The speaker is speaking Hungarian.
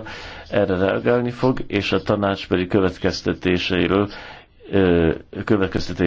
bizottsága erre reagálni fog, és a tanács pedig következtetéseiről következtetés